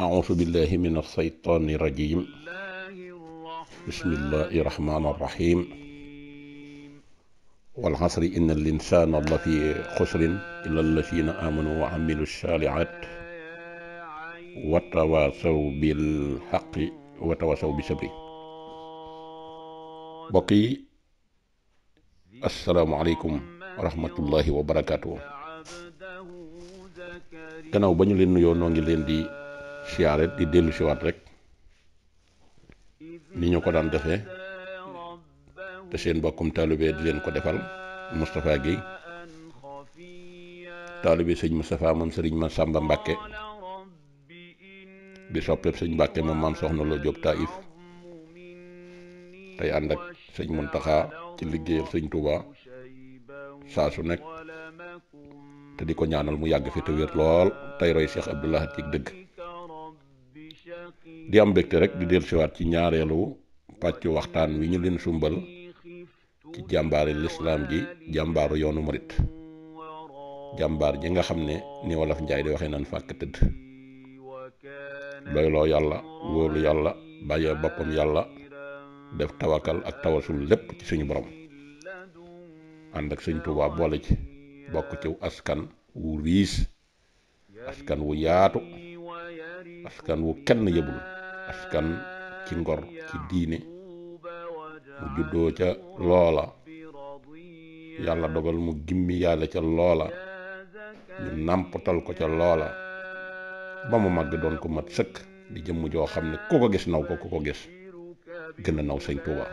أعوذ بالله من الشيطان الرجيم بسم الله الرحمن الرحيم والعصر إن الإنسان لفي خسر إلا الذين آمنوا وعملوا الصالحات وتواصوا بالحق وتواصوا بالصبر بقي السلام عليكم ورحمة الله وبركاته gannaaw ba ñu leen nuyoo noo ngi leen di siyaare di dellu siwaat rek ni ñu ko daan defee te seen mbokkum taalibee di leen ko defal Moustapha Guèye taalibee sëñ Moustapha moom sëriñ ma Sàmba Mbàkke di soppeeb sëñ Mbàkke ma maam soxna loo Jóob Taïf tey ànd ak sëñ Muntaxa ci liggéeyal sëñ Touba saa su nekk te di ko ñaanal mu yàgg fi te wér lool tey roy Cheikh Abdoulahat ci dëgg di am bekk rek di siwaat ci ñaareelu pàcc waxtaan wi ñu leen sumbal ci jàmbaari lislaam ji jàmbaaru yoonu murit jàmbaar ji nga xam ne ni wolof njaay di waxee naan fàkk tëdd doyloo yàlla wóolu yàlla bàyyee boppam yàlla def tawakal ak tawasul lépp ci suñu borom ànd ak sëñ Tuubaa boole ci bokk ci askan wu riis askan wu yaatu askan wu kenn yëbul askan ci ngor ci diine mu juddoo ca loola yàlla dogal mu gimmi yàlla ca loola ñu nàmpatal ko ca loola ba mu màgg doon ko mat sëkk di jëmm joo xam ne ku ko gis naw ko ku ko gis gën a naw sëñ Touba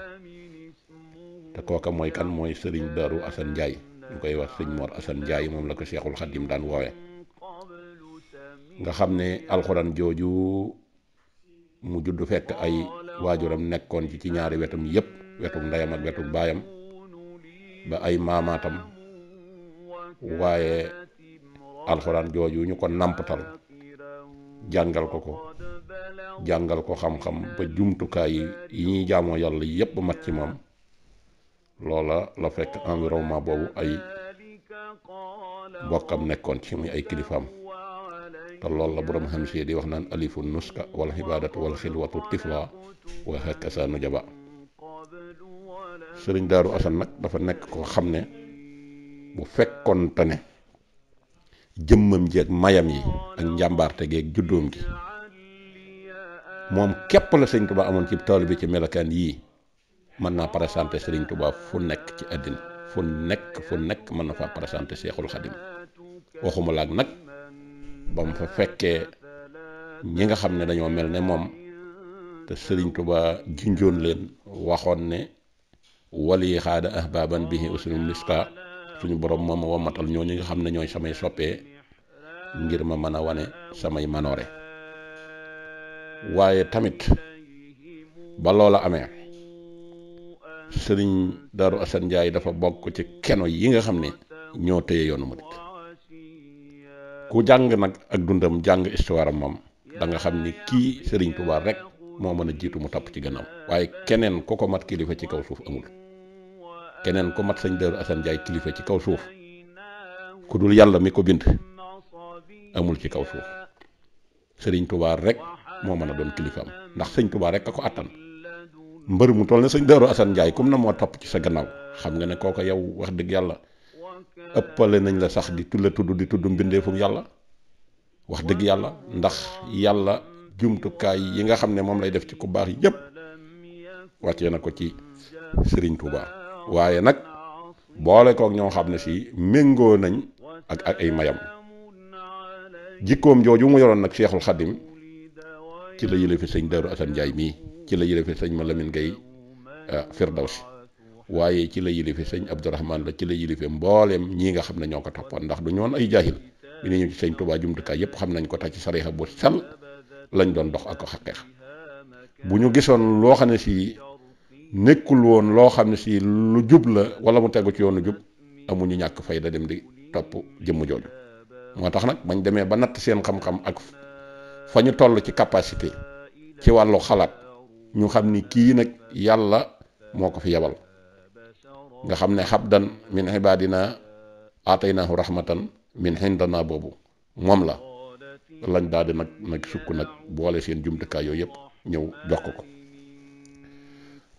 te kooka mooy kan mooy sëriñ Darou Assane Ndiaye ñu koy wax sëñ Mor Assane Ndiaye moom la ko Seexul Xadim daan woowe nga xam ne alxuraan jooju mu judd fekk ay waajuram nekkoon ci ci ñaari wetam yépp wetum ndeyam ak wetum baayam ba ay maamaatam waaye alxuraan jooju ñu ko nàmpatal jàngal ko ko jàngal ko xam-xam ba jumtukaay yi yi ñuy jaamoo yàlla yépp mat ci moom loola la fekk environnement boobu ay mbokkam nekkoon ci muy ay kilifaam te loolu la borom hamsiya di wax naan alifu nuska wal xibaadatu wal xilwatu tifla wa hakasa nu jaba sëriñ daaru asan nag dafa nekk ko xam ne bu fekkonte ne jëmmam ji ak mayam yi ak njàmbaarte gi ak juddoom gi moom képp la sëriñ Tuubaa amoon ci tool bi ci melokaan yii mën naa présenté sëriñ Tuubaa fu nekk ci àddina fu nekk fu nekk mën na faa présenté Seexul Xadim waxuma laag nag ba mu fa fekkee ñi nga xam ne dañoo mel ne moom te sëriñ tubaa junjoon leen waxoon ne wali xaada ahbaban bihi usulul mifta suñu borom moom ma wamatal ñoo ñi nga xam ne ñooy samay soppee ngir ma mën a wane samay manoore waaye tamit ba loola amee sëriñ Daaru Asan Njaay dafa bokk ci keno yi nga xam ne ñoo téye yoonu murit ku jàng nag ak dundam jàng histoire am moom da nga xam ni kii Serigne Touba rek moo mën a jiitu mu topp ci gannaaw waaye keneen ku ko mat kilifa ci kaw suuf amul keneen ku mat sañ Daaru Assane Ndiaye kilifa ci kaw suuf ku dul yàlla mi bind amul ci kaw suuf Serigne Touba rek moo mën a doon kilifaam ndax sëñ Touba rek a ko attan mu toll ne sëñ Daaru Assane Ndiaye comme na moo topp ci sa gannaaw xam nga ne kooko yow wax dëgg yàlla. ëppale nañ la sax di tulla tudd di tudd mbindeefum yàlla wax dëgg yàlla ndax yàlla jumtukaay yi nga xam ne moom lay def ci ku baax yépp wàccee na ko ci sëriñ Touba waaye nag boole kook ñoo xam ne si méngoo nañ ak ak ay mayam jikkoom jooju mu yoroon nag Seexul Xadim ci la yële fi sëñ Darou Assane Ndiaye mii ci la yële fi sëñ Malamine Gaye ah, Firdawsi waaye ci la yilife sëñ Abdourahman la ci la yilife mbooleem ñii nga xam ne ñoo ko toppoon ndax du ñoon ay jaahil bi ñu ñëw ci sëñ Touba jumtukaay yëpp xam nañ ko tax ci sariixa bu sell lañ doon dox ak ko xaqeex bu ñu gisoon loo xam ne si nekkul woon loo xam ne si lu jub la wala mu tegu ci yoonu jub amuñu ñàkk fayda dem di topp jëmm jooju moo tax nag bañ demee ba natt seen xam-xam ak fa ñu toll ci capacité ci wàllu xalaat ñu xam ni kii nag yàlla moo ko fi yabal nga xam ne xabdan min ibadina aataynaahu rahmatan min hindana boobu moom la lañ daal di nag nag sukk nag boole seen jumtukaay yooyu yëpp ñëw jox ko ko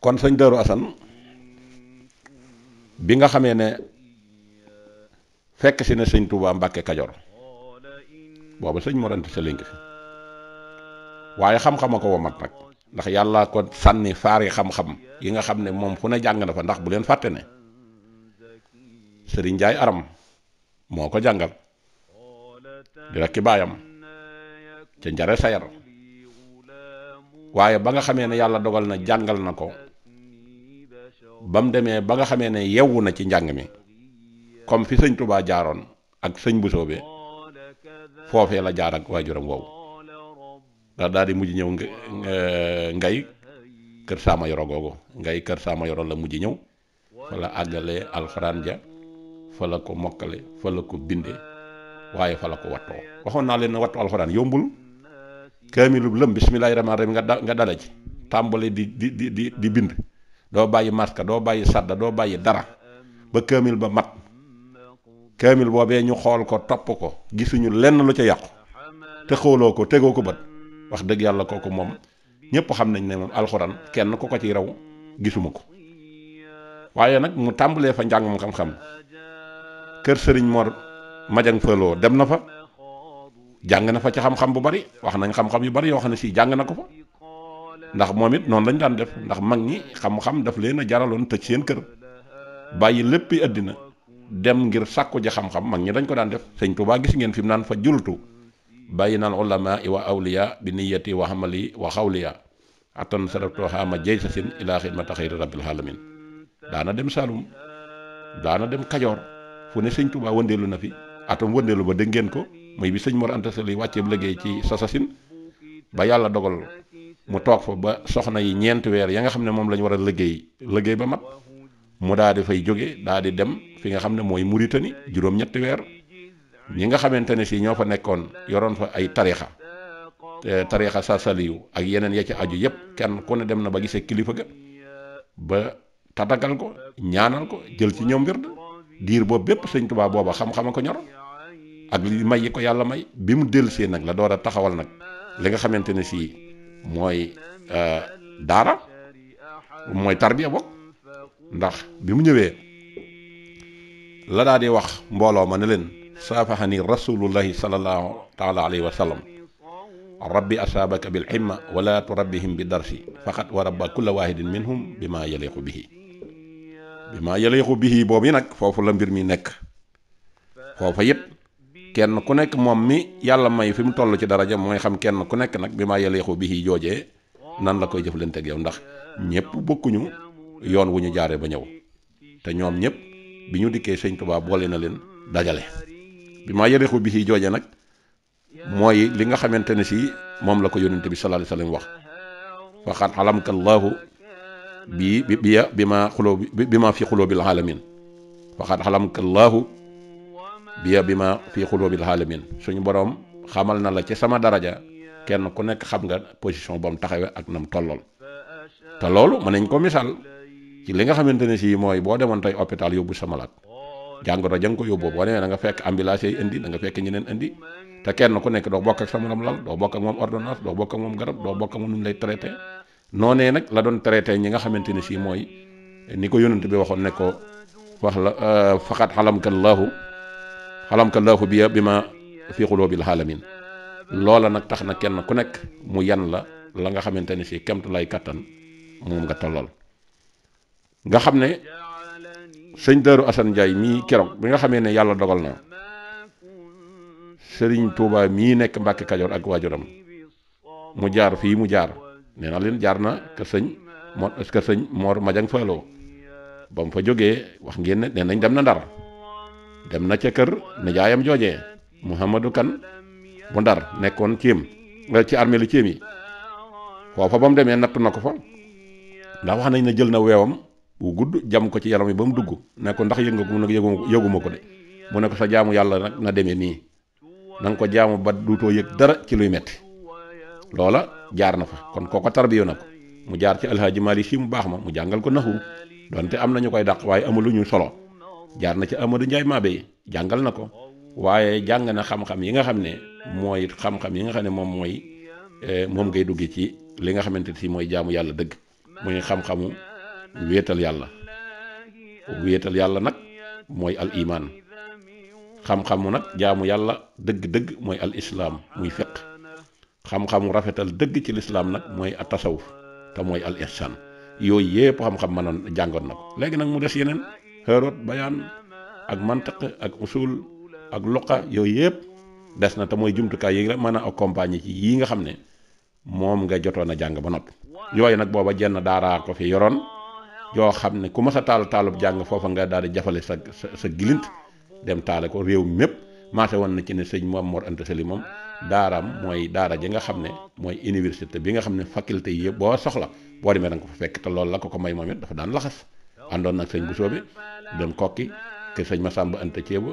kon sëñ Darou Assane bi nga xamee ne fekk si ne sëñ Touba Mbàkke Kajoor boobu sëñ Mor Anta Sali ngi fi waaye xam-xama ko womat nag ndax yàlla ko sànni faari xam-xam yi nga xam ne moom fu ne jàng na fa ndax bu leen fàtte ne sëriñ Njaay Aram moo ko jàngal di rakki baayam ca njare sayar waaye ba nga xamee ne yàlla dogal na jàngal na ko ba mu demee ba nga xamee ne yewwu na ci njàng mi comme fi sëñ Touba jaaroon ak sëñ bu soobee foofee la jaar ak waajuram woowu ndax daal di mujj ñëw ngay kër Saama Yoro googu ngay kër Saama Yoro la mujj ñëw wala àggale alxuraan ja fa la ko mokkale fa la ko bindee waaye fa la ko wattoo waxoon naa leen ne wattu alxuraan yombul kaamilu lëm bismillaahi rahmaani rahiim nga da nga dala ci tàmbale di di di di bind doo bàyyi maska doo bàyyi sadda doo bàyyi dara ba kaamil ba mat kaamil boobee ñu xool ko topp ko gisuñu lenn lu ca yàqu te xooloo ko tegoo ko bët wax dëgg yàlla kooku moom ñëpp xam nañ ne moom alxuraan kenn ku ko ci raw gisuma ko waaye nag mu tàmbalee fa njàngam xam-xam kër sëriñ Mor Madiang Fëloo dem na fa jàng na fa ci xam-xam bu bari wax nañ xam-xam yu bari yoo xam ne sii jàng na ko fa ndax moom it noonu lañ daan def ndax mag ñi xam-xam daf leen a jaraloon tëj seen kër bàyyi léppi àddina dem ngir sàkku ji xam-xam mag ñi dañ ko daan def sëñ Tuubaa gis ngeen fi mu naan fa jultu bàyyi naan ulama i wa awliya bi niyati wa hamali wa xawliya attan sarabtooxaa ma jey sa sin ilaa xidmata a rabbil alamin daana dem Saalum daana dem Kajoor fu ne sëñ Touba wëndeelu na fi atam wëndeelu ba dégg ngeen ko mooy bi sëñ Mor Anta Sali wàccee liggéey ci Sassasine ba yàlla dogal mu toog fa ba soxna yi ñeenti weer ya nga xam ne moom la ñu war a liggéey liggéey ba mat mu daal di fay jóge daal di dem fi nga xam ne mooy Mauritanie juróom-ñetti weer ñi nga xamante ne si ñoo fa nekkoon yoroon fa ay tarixa tarixa Sassaliyu ak yeneen ya ci aju yépp kenn ku ne dem na ba gisee kilifa ga ba tatagal ko ñaanal ko jël ci ñoom diir boobu bépp sëñ Tuubaa booba xam-xama ko ñor ak li may yi ko yàlla may bi mu dellusee nag la door a taxawal nag li nga xamante ne sii mooy euh, daara mooy tarbiya bokk ndax bi mu ñëwee la daa di wax mbooloo ma ne leen saafahani rasulullahi sallallahu taala alayhi wa sallam rabbi asaabaka bi himma wala turabbihim bi darsi faqat wa rabba kulla wahidin minhum bima yaliqu bihi bi maa yëleexu bihi boobu nag foofu la mbir mi nekk foofa yëpp kenn ku nekk moom mi yàlla may fi mu toll ci daraja mooy xam kenn ku nekk nag bi maa yëleexu bihi joojee nan la koy jëflanteeg yow ndax ñëpp bokkuñu yoon wu ñu jaaree ba ñëw te ñoom ñëpp bi ñu dikkee sëñ Tuubaa boole na leen dajale bi maa yëleexu bihi joojee nag mooy li nga xamante ne si moom la ko yónnent bi sallallaahu alayhi wa sallam wax faqad alamka Allaahu bi bi biya bi ma xuloo bi bi ma fi xuloo bil alamin waxaat xalamka laahu biya bi ma fi xuloo bil alamin suñu borom xamal na la ci sama daraja kenn ku nekk xam nga position ba mu taxawee ak nam tollool te loolu mën nañ ko misaal ci li nga xamante ne sii mooy boo demoon tey hôpital yóbbu sa malade jàngoro ja nga ko yóbbu boo demee da nga fekk ambulance yi indi na nga fekk ñeneen indi te kenn ku nekk doo bokk ak sa morom lal doo bokk ak moom ordonnance doo bokk moom garab doo bokk ak moom lay traité. noonee nag la doon traité ñi nga xamante ne sii mooy ni ko yonent bi waxoon ne ko wax la euh, faqat xalamka laahu xalamka laahu biya bi ma fi xuloobil xaalamin loola nag tax na kenn ku nekk mu yan la la nga xamante ne sii kemtu lay kàttan moom nga tollal nga xam ne sëñ Daaru Asan Njaay mii keroog bi nga xamee ne yàlla dogal na sëriñ Tuubaa mii nekk Mbàkke Kajoor ak waajuram mu jaar fii mu jaar nee naa jaar na kër sëñ Mor kër sëñ Mor Madiang Fallo ba mu fa jógee wax ngeen ne nee dem na ndar dem na ca kër nijaayam joojee Mouhamadou Kan bu ndar nekkoon céem eh, ci armée li céem yi foofa ba mu demee natt na ko fa ndax wax nañ ne jël na weewam bu gudd jam ko ci yaram yi ba mu dugg nekkoon ndax yëg nga ko mu ne yëguma ko de mu ne ko sa jaamu yàlla nag na demee nii na ko jaamu ba duutoo yëg dara ci luy metti loola jaar na fa kon kooko tarbiyo na ko mu jaar ci alhaaji Mali si mu baax ma mu jàngal ko naxu donte am na ñu koy dàq waaye amalu ñu solo jaar na ci Amadou Ndiaye Mabé jàngal na ko waaye jàng na xam-xam yi nga xam ne mooy xam-xam yi nga xam ne moom mooy eh, moom ngay duggee ci li nga xamante si mooy jaamu yàlla dëgg muy xam-xamu wéetal yàlla wéetal yàlla nag mooy al imaan xam-xamu nag jaamu yàlla dëgg-dëgg mooy al islaam muy fiq xam-xamu rafetal dëgg ci lislaam nag mooy at tasawuf te mooy al ihsan yooyu yépp xam-xam mënoon jàngoon na ko léegi nag mu des yeneen xëroot bayaan ak mantiq ak usul ak luqa yooyu yépp des na te mooy jumtukaay yi nga mën a accompagner ci yii nga xam ne moom nga jotoon a jàng ba noppi yooyu nag booba jenn daaraa ko fi yoroon yoo xam ne ku mas a taal taalub jàng foofa nga daal di jafale sa sa sa gilint dem taale ko réew mépp maase woon na ci ne sëñ moom Mor Anta Sali moom daaraam mooy daara ji nga xam ne mooy université bi nga xam ne faculté yi yëpp boo soxla boo demee da ko fa fekk te loolu ko may moom it dafa daan àndoon nag sëñ bu soobe dem kokki kër sëñ Masamba Anta Ceeba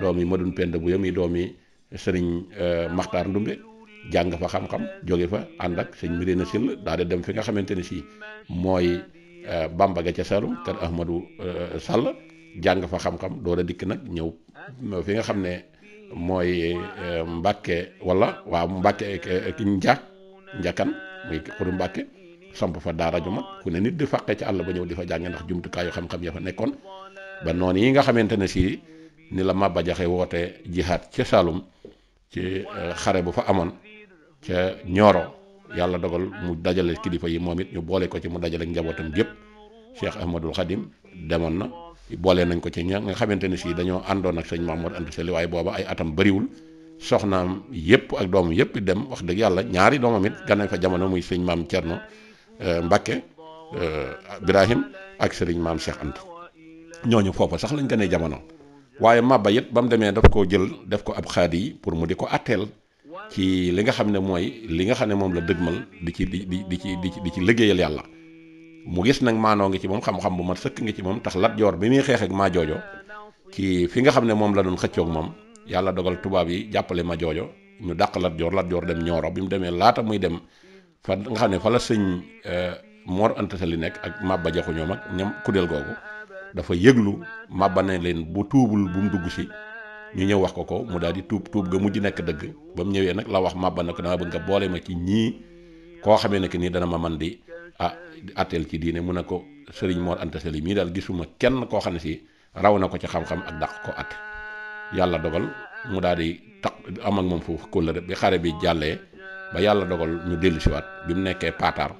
doom yi Madun Penda bu yam yi doom yi sëriñ euh, Maxtaar Ndumbe jàng fa xam-xam jóge fa ànd ak sëñ Mirina Sill daal di dem fi nga xamante ne si mooy euh, Bamba ga ca Saalum kër Ahmadou euh, Sall jàng fa xam-xam door a dikk nag ñëw fi nga xam ne mooy eh, Mbàkke wala waaw Mbàkke ki njàkk njàkkan muy pour Mbàkke samp fa daara ju mag ku ne nit di fàqe ci àll ba ñëw di fa jànge ndax jumtukaayu xam-xam ya fa nekkoon ba noonu yi nga xamante ne si ni la Maba Jaxé woote jihaad ca Saalum ci eh, xare bu fa amoon ca Ñooro yàlla dogal mu dajale kilifa yi moom it ñu boole ko ci mu dajale njabootam gépp Cheikh Ahmadul Xadim demoon na boole nañ ko ci ña nga xamante ne sii dañoo àndoon ak sëñ Mamour Anta Sali waaye booba ay atam bariwul soxnaam yëpp ak doomam yëpp dem wax dëgg yàlla ñaari doomam it gan fa jamono muy sëñ maam Thierno euh, Mbacke euh, Ibrahim ak sëriñ maam Cheikh Anta ñooñu foofa sax lañ gënee jamono waaye mabba it ba mu demee daf koo jël def ko ab xaadi yi pour mu di ko atteel ci li nga xam ne mooy li nga xam ne moom la dëgmal di ci di di di ci di ci liggéeyal yàlla. mu gis nag maanoo ngi ci moom xam-xam bu ma sëkk ngi ci moom tax Lat Joor bi muy xeex ak maa joojo ci fi nga xam ne moom la doon xëccook moom yàlla dogal tubaab yi jàppale ma joojo ñu dàq Lat Joor Lat Joor dem ñooro bi mu demee laata muy dem fa nga xam ne fa la sëñ euh, Mor Anta li nekk ak Mabba Jaxu ñoom ak ñam kuddeel googu dafa yëglu màbba ne leen bu tuubul bu mu dugg si ñu ñëw wax ko ko mu daal di tuub tuub ga mujj nekk dëgg ba mu ñëwee nag la wax Mabba ne ko dama bëgg nga boole ma ci ñii koo xamee ne que nii dana ma man di ah atteel ci diine mun ne ko sëriñ moor Anta Sali mii daal gisuma kenn koo xam ne si raw na ko ci xam-xam ak daq ko at yàlla dogal mu daal di tax am ak moom foofu kóllëre bi xare bi jàllee ba yàlla dogal ñu dellu siwaat bi mu nekkee paataar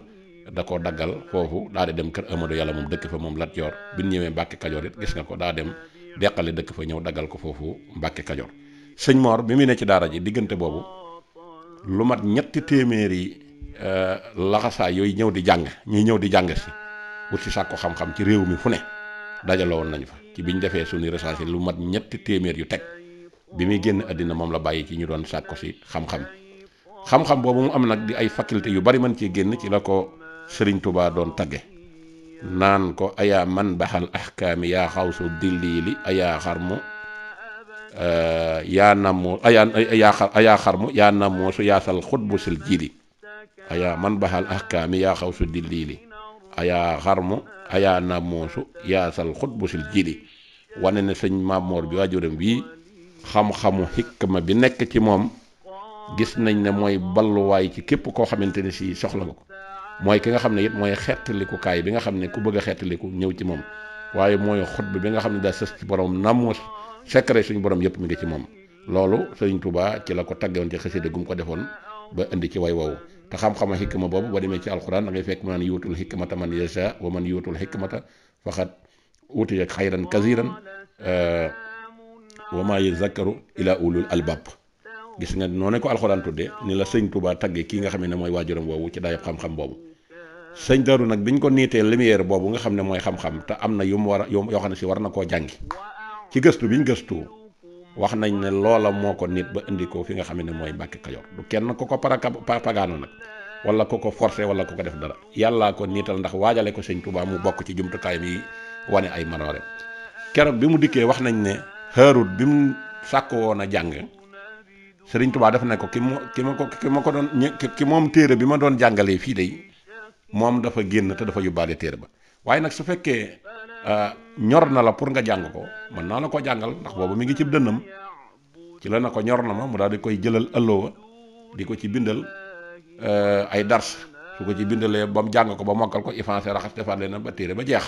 da ko daggal foofu daa di dem kër Amadou yàlla moom dëkk fa moom Lat Joor bi ñu ñëwee Mbàkke Kajoor it gis nga ko daa dem deqale dëkk fa ñëw daggal ko foofu Mbàkke Kajoor sëñ Mor bi mu ne ci daara ji diggante boobu lu mat ñetti téeméeri Euh, laxasaay yooyu ñëw di jàng ñuy ñëw di jàng si wut si sàkku xam-xam ci réew mi fu ne dajaloo woon nañu fa ci ñu defee sunu recensé lu mat ñetti téeméer yu teg bi muy génn àddina moom la bàyyi ci ñu doon sàkku si xam-xam xam-xam boobu mu am nag di ay faculté yu bari mën cee génn ci la ko Sëriñ Tuubaa doon tagge naan ko ayaa man baxal ahkaami yaa xawsu dilliili ayaa xarmu euh, yaa nammoo ayaa yaa xarmu yaa moo su yaasal xutbu sil jiidi ayaa man baxal ahkaami yaa xaw su dilliili ayaa xarmu ayaa namoosu yaasal xutbu sil jili wane na sëñ Maamoor bi waajuram bii xam-xamu xikma bi nekk ci moom gis nañ ne mooy balluwaay ci képp koo xamante ne si soxla nga ko mooy ki nga xam ne it mooy xettaliku kaay bi nga xam ne ku bëgg a xettaliku ñëw ci moom waaye mooy xutba bi nga xam ne daa sës ci borom namus secret suñu borom yëpp mu ngi ci moom loolu Sëriñ Tuubaa ci la ko tàggewoon ci xasida ko defoon ba indi ci way woowu te xam-xama xikma boobu boo demee ci alquran da ngay fekk mu naan yuutul xikmata man yasha wa man yuutul xikmata faxat utiya xayran kasiran wa maa yazakkaru ila ulul albab gis nga noonu ko alxuraan tuddee ni la sëñ Touba tagge kii nga xam ne mooy waajuram boobu ci daayab xam-xam boobu sëñ Darou nag bi ñu ko niitee lumière boobu nga xam ne mooy xam-xam te am na yum mu war yoo xam ne si war na koo jàngi ci gëstu bi gëstu wax nañ ne loola moo ko nit ba indi fi nga xam ne mooy Mbàkke Kajoor du kenn ku ko para pagaano nag wala ko ko forcé wala ku ko def dara yàllaa ko nital ndax waajale ko sëñ Tuubaa mu bokk ci jumtukaayam yi wane ay manoore keroog bi mu dikkee wax nañ ne Haarut bi mu sàkk woon a jàng sëriñ Tuubaa dafa ne ko ki mu ki ma ko ki ma ko doon ki moom téere bi ma doon jàngalee fii de moom dafa génn te dafa yóbbaale téere ba waaye nag su fekkee Euh, ñor na la pour nga jàng ko mën naa la ko jàngal ndax boobu mi ngi cib dënnam ci la na ko ñor na ma mu daal di koy jëlal ëllëwa di ko ci bindal euh, ay dars su ko ci bindalee ba mu jàng ko ba mokkal ko iffancé raxas defaat leen ba téere ba jeex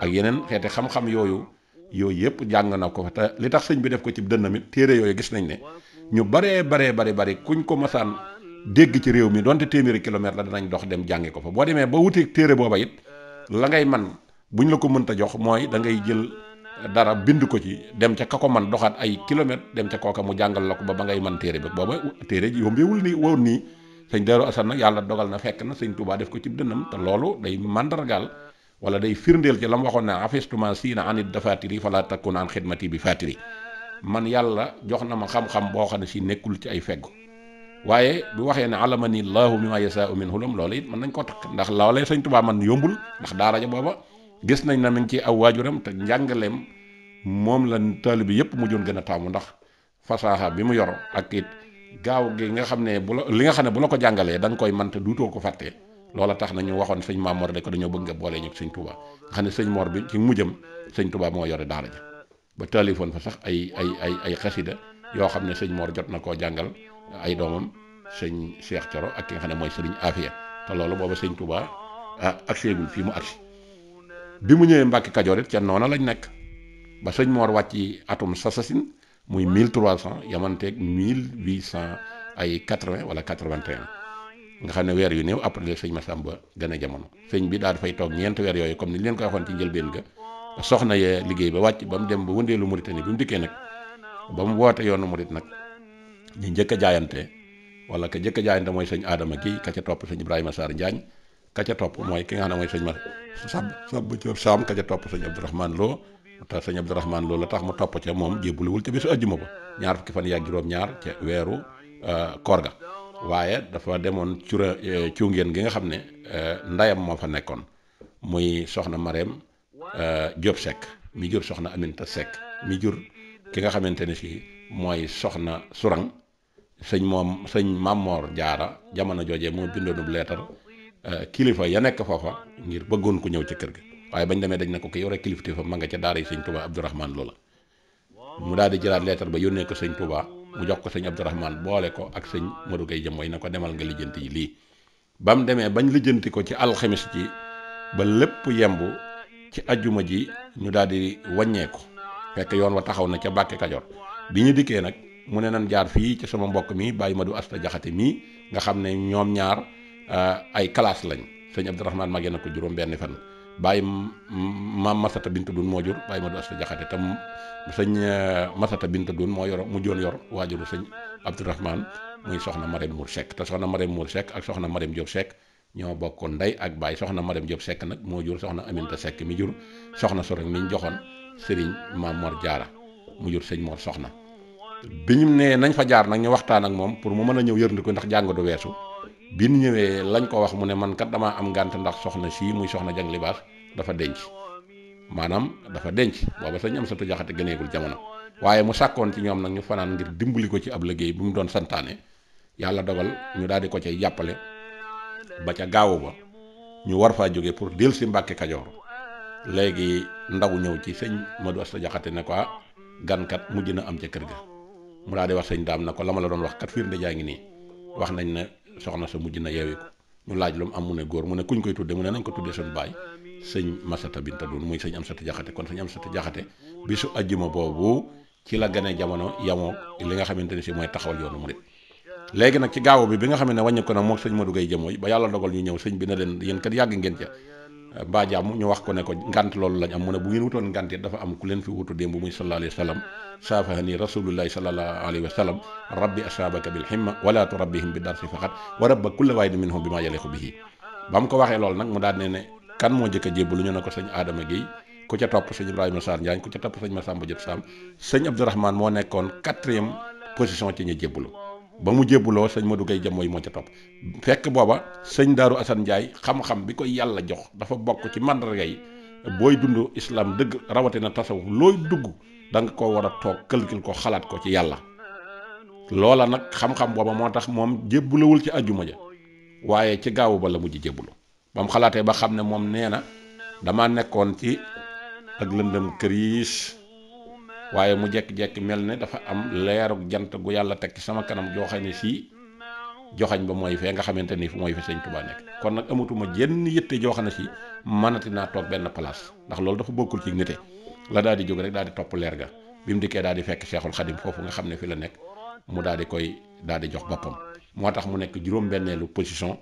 ak yeneen xeeti xam-xam yooyu yooyu yëpp jàng na ko te li tax sëñ bi def ko cib dënnam it téere yooyu gis nañ ne ñu bare bare bari bari kuñ ko masaan dégg ci réew mi donte téeméeri kilomètre la dinañ dox dem jàngi ko fa boo demee ba wuti téere booba it la ngay man buñ la ko mënta jox mooy da ngay jël dara bind ko ci dem ca ka ko man doxaat ay kilomètre dem ca kooka mu jàngal la ko ba ba ngay man téere bi booba téere ji yombewul nii woon nii sëñ Daaru Asan na yàlla dogal na fekk na sëñ Tuubaa def ko ci dënnam te loolu day màndargaal wala day firndeel ci la mu waxoon ne afistuma siina anit dafatiri fala takkun an xidmati bi fatiri man yàlla jox na ma xam-xam boo xam ne sii nekkul ci ay feggu waaye bu waxee ne alamani llahu mimma yasaau minhu lam loolu it mën nañ ko takk ndax loolee sëñ Tuubaa man yombul ndax gis nañ na mi ngi ci aw waajuram te njàngaleem moom la taalibe yépp mujjoon gën a taamu ndax fasaaxa bi mu yor ak it gaaw gi nga xam ne bu la li nga xam ne bu la ko jàngalee da koy mën te duutoo ko fàttee loola tax na ñu waxoon sëñ Maamoor ne ko dañoo bëgg nga boole ñu sëñ Touba nga xam ne sëñ Moor bi ci mujjam sëñ Touba moo yore daara ja ba taalifoon fa sax ay ay ay ay xasida yoo xam ne sëñ Moor jot na koo jàngal ay doomam sëñ Cheikh Coro ak ki nga xam ne mooy sëriñ Afia te loolu booba sëñ Touba ah agseegul fii mu agsi bi mu ñëwee Mbàkke Kajoor it ca noona lañ nekk ba sëñ Moor wàcc ci atum sasasin muy 1300 yamanteeg 1800 ay 80 wala 81 nga xam ne weer yu néew après sëñ ma gën a jamono sëñ bi daal dafay toog ñeenti weer yooyu comme ni leen koy waxoon ci njëlbeen ga soxna yee liggéey ba wàcc ba mu dem ba wëndeelu Mauritanie bi mu dikkee nag ba mu woote yoonu murit nag ñu njëkk a jaayante wala ka njëkk a jaayante mooy sëñ Adama gi ka ca topp sëñ Ibrahima Sarr Njaañ ka ca topp mooy ki nga xam ne mooy sëñ ma sàbb sàbb Jóob saam ka ca topp sëñ Abdourahmane Lo te sëñ Abdourahmane Lo la tax mu topp ca moom jébbuluwul ca bisu àjjuma ba ñaar fukki fan yaag juróom-ñaar ca weeru euh, koor dafa demoon cura cungeen euh, gi nga xam ne euh, ndayam moo fa nekkoon muy soxna Mareem Jóob Sekk mi jur soxna Aminta Sekk mi jur ki nga xamante ne si mooy soxna Surang sëñ moom sëñ Mamor Jaara jamono jooje moo bindoonub leetar Euh, kilifa ya nekk foofa ngir bëggoon ko ñëw ci kër gi waaye bañ demee dañ na ko ki yore kilifte fa ma nga ca daara yi sëñ Touba Abdourahmane loola mu daal di jëlaat leetar ba yónnee ko sëñ Touba mu jox ko sëñ Abdourahmane boole ko ak sëñ Modou Gueye jëm mooy na ko demal nga lijjanti yi lii ba mu demee bañ lijjanti ko ci alxamis ji ba lépp yembu ci ajjuma ji ñu daal di wàññeeku fekk yoon wa taxaw na ca Mbàkke Kajoor bi ñu dikkee nag mu ne nan jaar fii ci sama mbokk mi bàyyi ma du asta jaxate mii nga xam ne ñoom ñaar Euh, ay classe lañ sëñ Abdourahmane magee na ko juróom benn fan bàyyi maam Masata Binta Dun moo jur bàyyi ma du asta jaxate tam sëñ euh, Masata Binta Dun moo yor mu joon yor waajuru sëñ Abdourahmane muy soxna Marème Mour Seck te soxna Marème Mour Seck ak soxna Marème Diop Seck ñoo bokkoon ndey ak baay soxna Marème Diop sekk nag moo jur soxna Aminta sekk mi jur soxna Soro mi ñu joxoon Serigne Maam Mor Jaara mu jur sëñ Mor soxna bi ñu nee nañ fa jaar nag ñu waxtaan ak moom pour mu mën a ñëw yërndu ko ndax jàng du bi nu ñëwee lañ ko wax mu ne man kat damaa am ngànt ndax soxna sii muy soxna jang libaas dafa denc maanaam dafa denc booba sañ am sa jaxate gëneegul jamono waaye mu sàkkoon ci ñoom nag ñu fanaan ngir dimbali ko ci ab liggéey bi mu doon santaane yàlla dogal ñu daal di ko cay jàppale ba ca gaawu ba ñu war faa jóge pour del si mbàkke kajoor léegi ndaw ñëw ci sëñ Madou Asta Jaxate ne ko ah, gankat mujj na am ca kër ga mu daal di wax sañ daam na ko la ma la doon wax kat firnde jaa ngi nii soxna sa mujj na yeewi ko ñu laaj lu mu am mu ne góor mu ne kuñ koy tudde mu ne nañ ko tudde suñu baay sëñ Masata Binta Doon muy sëñ Amsata Jaxate kon sëñ Amsata Jaxate bisu ma boobu ci la gane jamono yamoo li nga xamante ni si mooy taxawal yoonu murit léegi nag ci gaaw bi bi nga xam ne wàññi ko nag moo sëñ Modou Gueye jëmooy ba yàlla dogal ñu ñëw sëñ bi ne leen yéen kat yàgg ngeen ca mbaa ñu wax ko ne ko ngant loolu lañ am mu ne bu ngeen wutoon ngant dafa am ku leen fi wutu démb muy sallallahu alayhi wa sallam saafaha nii rasulullahi sallallahu alayhi rabbi asaabaka bil himma wala turabbihim bi darsi faqat wa rabba kulla waahidin minhum bi ma yaliqu bihi ba mu ko waxee loolu nag mu daal ne kan moo jëkk a jébbalu ñu ne ko sëñ Adama Guèye ku ca topp sëñ Ibrahima Sarr Njaañ ku ca topp sëñ Massamba Diop Sam sëñ Abdourahmane moo ba mu jébbuloo sëñ Modou Gueye jëm mooy moo ca topp fekk booba sëñ Daaru Assane Ndiaye xam-xam bi ko yàlla jox dafa bokk ci mandarga yi booy dund islaam dëgg rawatina tasawuf looy dugg da nga ko war a toog calcul ko xalaat ko ci yàlla loola nag xam-xam booba moo tax moom jébbulawul ci ajjuma ja waaye ci gaawu ba la mujj jébbulu ba mu xalaatee ba xam ne moom nee na dama nekkoon ci ak lëndëm këriis waaye mu jekki-jekki mel ne dafa am leerug jant gu yàlla teg ci sama kanam jooxe ne sii joxañ ba mooy fee nga xamante ni mooy fi sëñ Tuubaa nekk kon nag amatuma jenn yëtte joo xam si mënati naa toog benn place ndax loolu dafa bokkul ci nite la daal di jóg rek daal di topp leer ga bi mu dikkee daal di fekk Seexul Xadim foofu nga xam ne fi la nekk mu daal di koy daal di jox boppam moo tax mu nekk juróom-benneelu position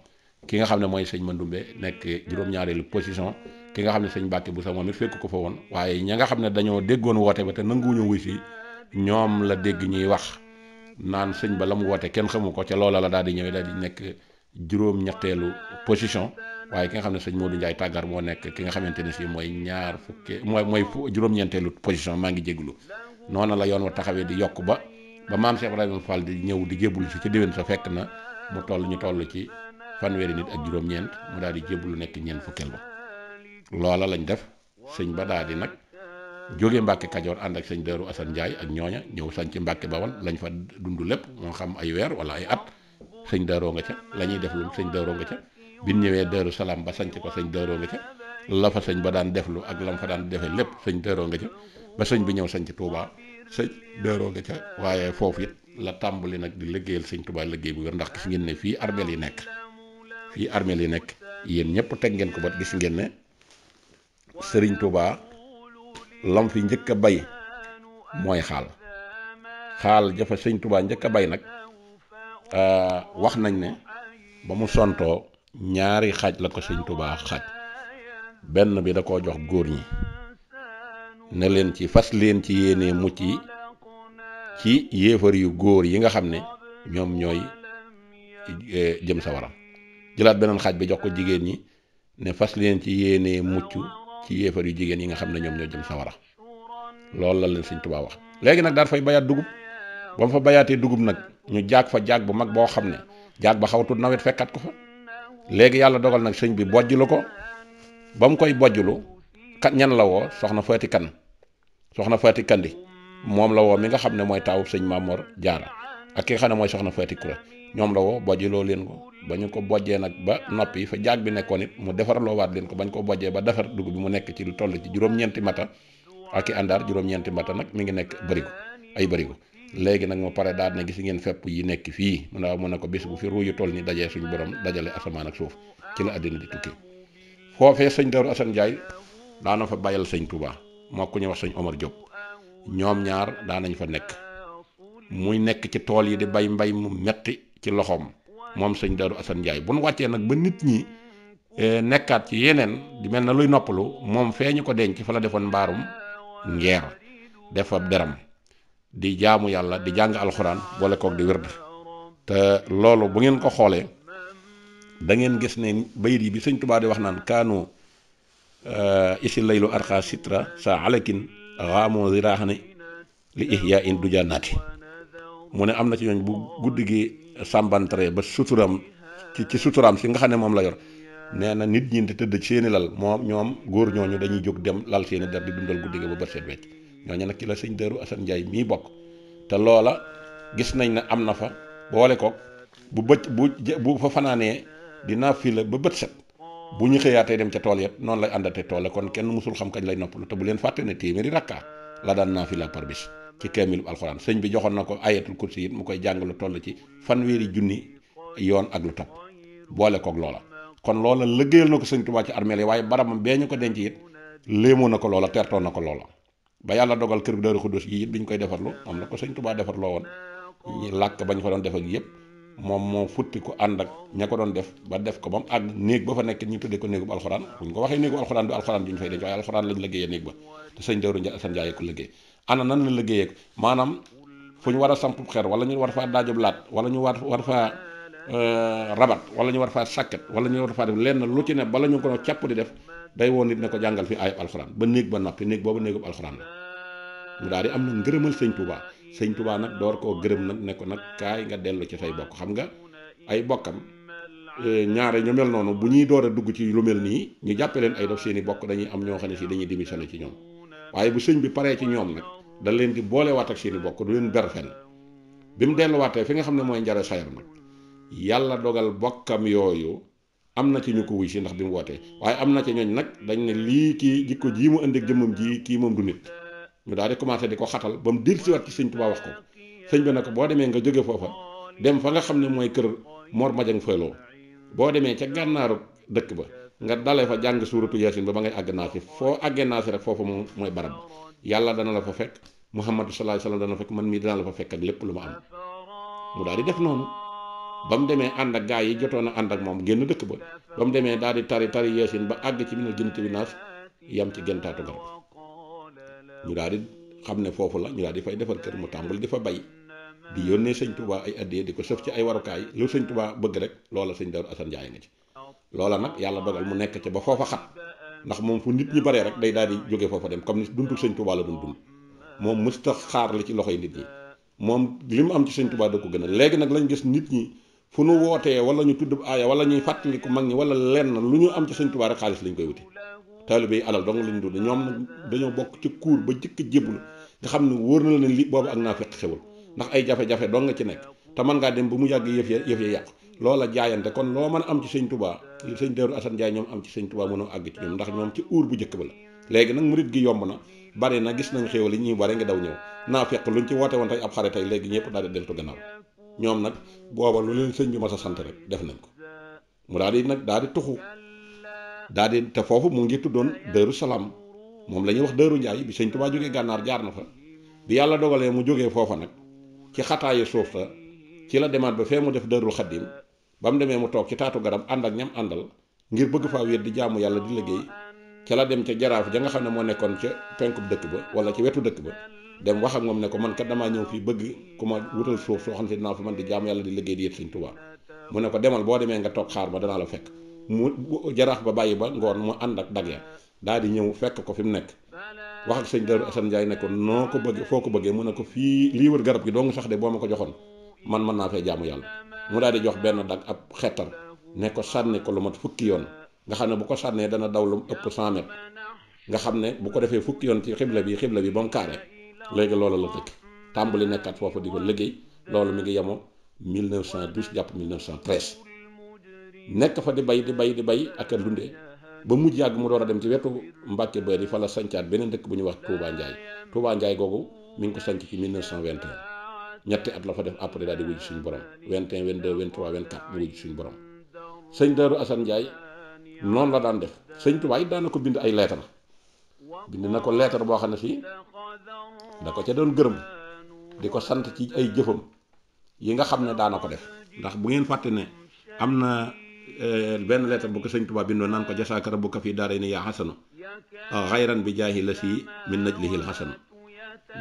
ki nga xam ne mooy sëñ Mandoumbe nekk juróom-ñaareelu ki nga xam ne sëñ Mbàkke Buso moom it fekk ko fa woon waaye ña nga xam ne dañoo déggoon woote ba te nanguwuñu wuy si ñoom la dégg ñuy wax naan sëñ ba la mu woote kenn xamu ko ca loola la daal di ñëwee daal di nekk juróom-ñetteelu position waaye ki nga xam ne sëñ moo Modou Ndiaye tàggar moo nekk ki nga xamante ne si mooy ñaar fukkee mooy mooy juróom-ñeenteelu position maa ngi jéglu noona la yoon wa taxawee di yokk ba ba maam Cheikh Ibrahima Fall di ñëw di jébbalu si ca fekk na mu toll ñu toll ci fanweeri nit ak juróom mu daal di jébbalu nekk ñeent fukkeel ba loola lañ def sëñ ba daa di nag jóge Mbàkke Kajoor ànd ak sëñ Dëru Asan Njaay ak ñooña ñëw sañc ci Mbàkke Bawol lañ fa dund lépp moo xam ay weer wala ay at sëñ Dëroo nga ca la ñuy def lu sëñ Dëroo nga ca bin ñëwee Dëru Salaam ba sañc ko sëñ Dëroo nga ca la fa sëñ ba daan deflu ak lam fa daan defee lépp sëñ Dëroo nga ca ba sëñ bi ñëw sañc Tuubaa sëñ Dëroo nga ca waaye foofu it la tàmbali nag di liggéeyal sëñ Tuubaa liggéey bu wér ndax gis ngeen ne fii armeel yi nekk armeel yi nekk yéen ñëpp teg ngeen ko ba gis ngeen ne sëriñ tubaa lam fi njëkk a bay mooy xaal xaal jafa sëriñ tubaa njëkk a bay nag euh, wax nañ ne ba mu sontoo ñaari xaaj la ko sëriñ Touba xaaj benn bi da koo jox góor ñi ne leen ci fas leen ci yéenee mucc yi ci yéefar yu góor yi nga xam ne ñoom ñooy euh, jëm sa waram jëlaat beneen xaaj bi jox ko jigéen ñi ne fas leen ci yéenee mucc ci yéefar yu jigéen yi nga xam ne ñoom ñoo jëm sawara loolu la leen sëñ Tuubaa wax léegi nag daal fay bayaat dugub ba mu fa bayaatee dugub nag ñu jaag fa jaag bu mag boo xam ne jaag ba xawatul nawet fekkat ko fa léegi yàlla dogal nag sëñ bi bojj bojjlu ko ba mu koy bojjlu kat ñan la woo soxna Faati Kan soxna Faati Kandi moom la woo mi nga xam ne mooy taawu sëñ Maamoor Jaara ak ki nga xam ne mooy soxna Faati Kura ñoom la woo bojjiloo leen ko ba ñu ko bojjee nag ba noppi fa jaag bi nekkoon it mu defaraloo waat leen ko bañ ko bojjee ba defar dugub bi mu nekk ci lu toll ci juróom-ñeenti mata ak i àndaar juróom-ñeenti mata nag mi ngi nekk bërigo ay bërigo léegi nag mu pare daal ne gis ngeen fepp yi nekk fii mu ne waaw mu ko bis bu fi ruuyu toll ni dajee suñu borom dajale asamaan ak suuf ci la àddina di tukki foofee sëñ Daaru Asan Njaay daana fa bàyyal sëñ Touba moo ku ñu wax sëñ Omar Diop ñoom ñaar daanañ fa nekk muy nekk ci tool yi di bay mbay mu metti ci loxoom moom sëñ Darou Assane Ndiaye bu nu wàccee nag ba nit ñi eh, nekkaat ci yeneen di mel na luy noppalu moom fee ñu ko denc fa la defoon mbaarum ngeer def ab deram di jaamu yàlla di jàng alxuraan boole koog di wërd te loolu bu ngeen ko xoolee dangeen gis ne bayit bi sëñ Tuubaa di wax naan kaanu eh, isi laylu arxa sitra sa alakin raamoo ziraaxani li ihya in dujaanaati mu ne am na ci ñooñ bu guddi gi sàmbantre ba suturam ci ci suturaam si nga xam ne moom la yor nee na nit ñi di tëdd ci seeni lal moom ñoom góor ñooñu dañuy jóg dem lal seeni der di dundal guddi ga ba bët seet wecc ñooñu nag ci la sëñ Darou Assane Ndiaye mii bokk te loola gis nañ ne am na fa boole ko bu bët bu bu fa fanaanee dinaa fi la ba bët set bu ñu xëyaatee dem ca tool yet noonu lay àndatee toole kon kenn musul xam kañ lay noppalu te bu leen fàtte ne téeméeri rakkaa la daan naa fi la par ci kaamilu alxuraan sëñ bi joxoon na ko ayatul kursi it mu koy jàng lu toll ci fanweeri junni yoon ak lu topp boole kook loola. kon loola liggéeyal na ko sëñ Tuubaa ci armeel yi waaye barabam bee ñu ko denc it léemoo na ko loola tertoon na ko loola ba yàlla dogal kër Daaru Xuddus yi it bi ñu koy defarlu am na ko sëñ Tuubaa defarloo woon ñi làkk ba ñu ko doon def ak moo futti ko ànd ko doon def ba def ko ba mu àgg néeg ba fa nekk ñu tuddee ko néegub alxuraan bu ñu ko waxee néegub alxuraan du alxuraan ana nan la liggéeyee ko maanaam fu ñu war a samp xeer wala ñu war faa daajub laat wala ñu war war faa euh, rabat wala ñu war fa sàkket wala ñu war faa def lenn lu ci ne bala ñu ko no càpp di def day woon nit ne ko jàngal fi ayib alxuraan ba néeg ba noppi néeg boobu néegub alxuraan la mu daal di am na ngërëmal sëñ Touba sëñ Touba nag door koo gërëm nag ne ko nag kaay nga dellu ci say bokk xam nga ay bokkam euh, ñaare ñu mel noonu bu ñuy door a dugg ci lu nii ñu jàppe leen ay dof bokk dañuy am ñoo xam ne dañuy démissionné ci ñoom waaye bu sëñ bi paree ci ñoom nag da leen di boolewaat ak seeni bokk du leen ber fenn bi mu delluwaatee fi nga xam ne mooy njare sayar nag yàlla dogal bokkam yooyu am na ci ñu ko wuy si ndax bi mu wootee waaye am na ci ñooñ nag dañ ne lii kii jikko jii mu indi ak jëmmam ji kii moom du nit ñu daal di commencé di ko xatal ba mu dir si waat ci sëñ Tuubaa wax ko sëñ bi nag boo demee nga jóge foofa dem fa nga xam ne mooy kër Mor Madiang Faylo boo demee ca gànnaaru dëkk ba nga dalee fa jàng suuratu yaasin ba ba ngay àgg naa si foo àggee naa rek foofu moom mooy barab yàlla dana la fa fekk muhammadu sallallahu alayhi wasallam dana fekk man mii dana la fa fekk ak lépp lu ma am mu daal di def noonu ba mu demee ànd ak gaa yi jotoon a ànd ak moom génn dëkk ba ba mu demee daal di tari tari yaasin ba àgg ci minal jinti bi naas yam ci gentaatu garab ñu daal di xam ne foofu la ñu daal di fay defar kër mu tàmbul di fa bay di yónnee sëñ Touba ay addee di ko sëf ci ay warukaay lu sëñ bëgg rek loola sëñ Daaru Asan Njaay nga ci loola nag yàlla dogal mu nekk ca ba foofa xat ndax moom fu nit ñi baree rek day daal di jóge foofa dem comme ni dundu sëñ Tuubaa la doon dund moom mësta xaar li ci loxo nit ñi moom li mu am ci sëñ Tuubaa da ko gën a léegi nag lañ gis nit ñi fu nu wootee wala ñu tudd aaya wala ñuy fàttaliku mag ñi wala lenn lu ñu am ci sëñ Tuubaa rek xaalis lañ koy wuti taalibe yi alal dong lañ dund ñoom nag dañoo bokk ci kuur ba jëkk jébbalu nga xam ne wóor na la ne li boobu ak naa fekk xewul ndax ay jafe-jafe dong nga ci nekk te mën ngaa dem ba mu yàgg yëf ya yàqu loola jaayante kon loo mën am ci sëñ tubaa li sëñ Daaru Asan Njaay ñoom am ci sëñ tubaa mënoo àgg ci ñoom ndax ñoom ci uur bu njëkk ba la léegi nag murit gi yomb na bari na gis nañ xéewal yi ñuy bare nga daw ñëw naa fekk luñ ci woote woon tey ab xare tey léegi ñëpp daal di deltu gannaaw ñoom nag booba lu leen sëñ bi mas a sant rek def nañ ko mu daal di nag daal di tuxu daal di te foofu mu ngi tuddoon Daaru Salaam moom la ñuy wax Daaru Njaay bi sëñ tubaa jógee gànnaar jaar na fa bi yàlla dogalee mu jógee foofa nag ci xataayu suuf sa ci la demaat ba fee mu def Daarul Xaddim ba mu demee mu toog ci taatu garab ànd ak ñam àndal ngir bëgg faa wéet di jàmm yàlla di liggéey ca la dem ca jaraaf ja nga xam ne moo nekkoon ca penku dëkk ba wala ci wetu dëkk ba dem wax ak moom ne ko man kat damaa ñëw fii bëgg ku ma wutal suuf soo xam ne dinaa fa man di jaamu yàlla di liggéey di yët Sëñ Tuubaa mu ne ko demal boo demee nga toog xaar ma danaa la fekk mu jaraaf ba bàyyi ba ngoon mu ànd ak dag ya daal di ñëw fekk ko fi mu nekk wax ak sëñ Daaru Asan Njaay noo ko bëgg foo ko bëggee mu ne ko fii lii wër garab gi doo nga sax boo ma ko joxoon man mën naa fee jaamu yàlla mu daal di jox benn dag ab xettar ne ko sànni ko lu mat fukki yoon nga xam ne bu ko sànnee dana daw lu ëpp 100 mètres nga xam ne bu ko defee fukki yoon ci xibla bi xibla bi ba mu kaare léegi loolu la tëkk tàmbali nekkat foofu di ko liggéey loolu mi ngi yemoo 1912 jàpp 1913 nekk fa di bay di bay di bay ak a dundee ba mujj yàgg mu door a dem ci wetu Mbàkke Bari fa la sancaat beneen dëkk bu ñuy wax Touba Ndiaye Touba Ndiaye googu mi ngi ko sanc ci 1921 ñetti at la fa def après daal di wujj suñu borom 21 22 23 24 mu wujj suñu borom sëñ Darou Assane Ndiaye noonu la daan def sëñ Tuubaa it daan ko bind ay leetar bind na ko boo xam ne fii da ko ca doon gërëm di ko sant ci ay jëfam yi nga xam ne daana ko def ndax bu ngeen fàtte ne am na eh, benn leetar bu ko sëñ Tuubaa bindoon naan ko jasaaka rabbuka fii daarayni yaa xasanu xayran bi jaay yi la si min najlihil xasanu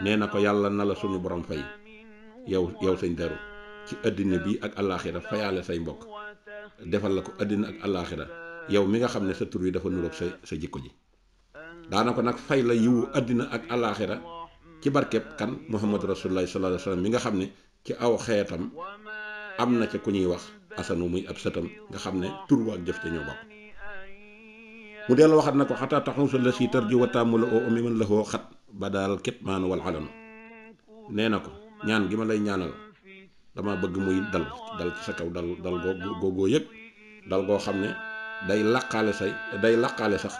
nee na ko yàlla na la suñu borom fay yow yow sëñ Darou ci àddina bi ak àllaaxira fayaale say mbokk defal la ko àddina ak àllaaxira yow mi nga xam ne sa tur wi dafa nuroog sa sa jikko ji daanako nag fay la yiwu àddina ak àllaaxira ci barkeb kan muhammadu rasululaahi sallallaahu alayhi wa sallam mi nga xam ne ci aw xeetam am na ca ku ñuy wax asanu muy ab sëtam nga xam ne tur wa ak jëf ca ñoo bokk mu dellu waxat na ko xataa taxuusa la si tarji wa tàmmula oo omi man la xoo xat ba daal képp maanu wal alanu nee na ko ñaan gi ma lay ñaanal dama bëgg muy dal dal ci sa kaw dal dal goo goo yëg dal goo xam ne day laqaale say day laqaale sax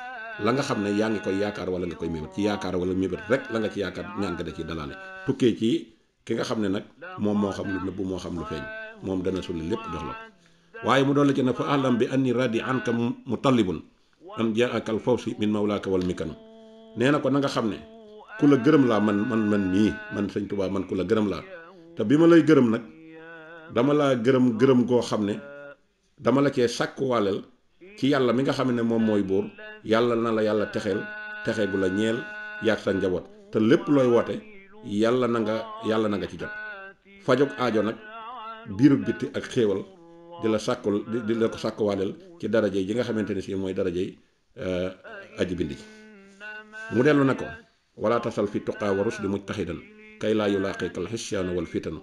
la nga xam ne yaa ngi koy yaakaar wala nga koy mébét ci yaakaar wala mébét rek la nga ci yaakaar ñaan da ci dalaale tukkee ci ki nga xam ne nag moom moo xam lu nëbb moo xam lu feeñ moom dana sulli lépp jox la waaye mu doon la ci ne fa alam bi anni radi anka mu tallibun an jaakal fawsi min mawlaaka wal mikanu nee na ko na nga xam ne ku la gërëm laa man man man mii man sëñ Tuubaa man ku la gërëm laa te bi ma lay gërëm nag dama laa gërëm gërëm goo xam ne dama la cee sàkkuwaaleel ci yàlla mi nga xam ne moom mooy buur yàlla na la yàlla texeel texe gu la ñeel yaag sa njaboot te lépp looy woote yàlla na nga yàlla na nga ci jot fajog aajo nag biiru bitti ak xéewal di la sàkkul di la ko sàkkuwaaleel ci daraje yi nga xamante ne si mooy daraje yi euh, aji bindi mu dellu na ko wala tasal fi tuqaa wa rushdi mujtahidan kay laa yulaaqiikal xisyaanu wal fitanu